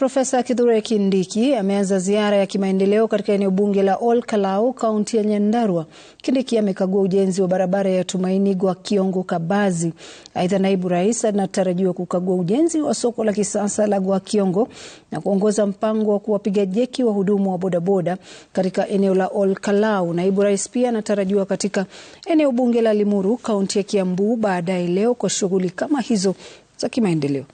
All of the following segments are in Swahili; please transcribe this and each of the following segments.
Profesa Kithure Kindiki ameanza ziara ya kimaendeleo katika eneo bunge la Ol Kalou, kaunti ya Nyandarua. Kindiki amekagua ujenzi wa barabara ya Tumaini Gwa Kiongo Kabazi. Aidha, naibu rais anatarajiwa kukagua ujenzi wa soko la kisasa la Gwa Kiongo na kuongoza mpango wa kuwapiga jeki wahudumu wa bodaboda katika eneo la Ol Kalou. Naibu rais pia anatarajiwa katika eneo bunge la Limuru, kaunti ya Kiambu baadaye leo kwa shughuli kama hizo za kimaendeleo.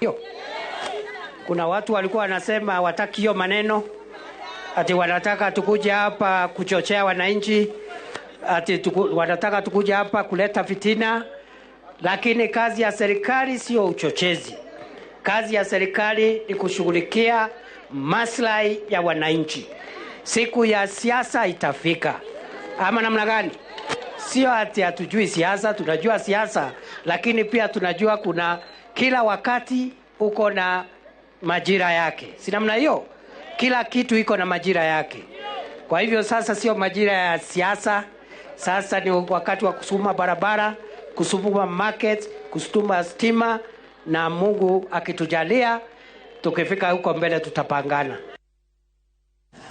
Yo. Kuna watu walikuwa wanasema hawataki hiyo maneno, ati wanataka tukuja hapa kuchochea wananchi, ati tuku, wanataka tukuja hapa kuleta fitina. Lakini kazi ya serikali sio uchochezi. Kazi ya serikali ni kushughulikia maslahi ya wananchi. Siku ya siasa itafika, ama namna gani? Sio ati hatujui siasa, tunajua siasa, lakini pia tunajua kuna kila wakati uko na majira yake, si namna hiyo? Kila kitu iko na majira yake. Kwa hivyo sasa sio majira ya siasa, sasa ni wakati wa kusukuma barabara, kusukuma market, kusukuma stima, na Mungu akitujalia tukifika huko mbele tutapangana.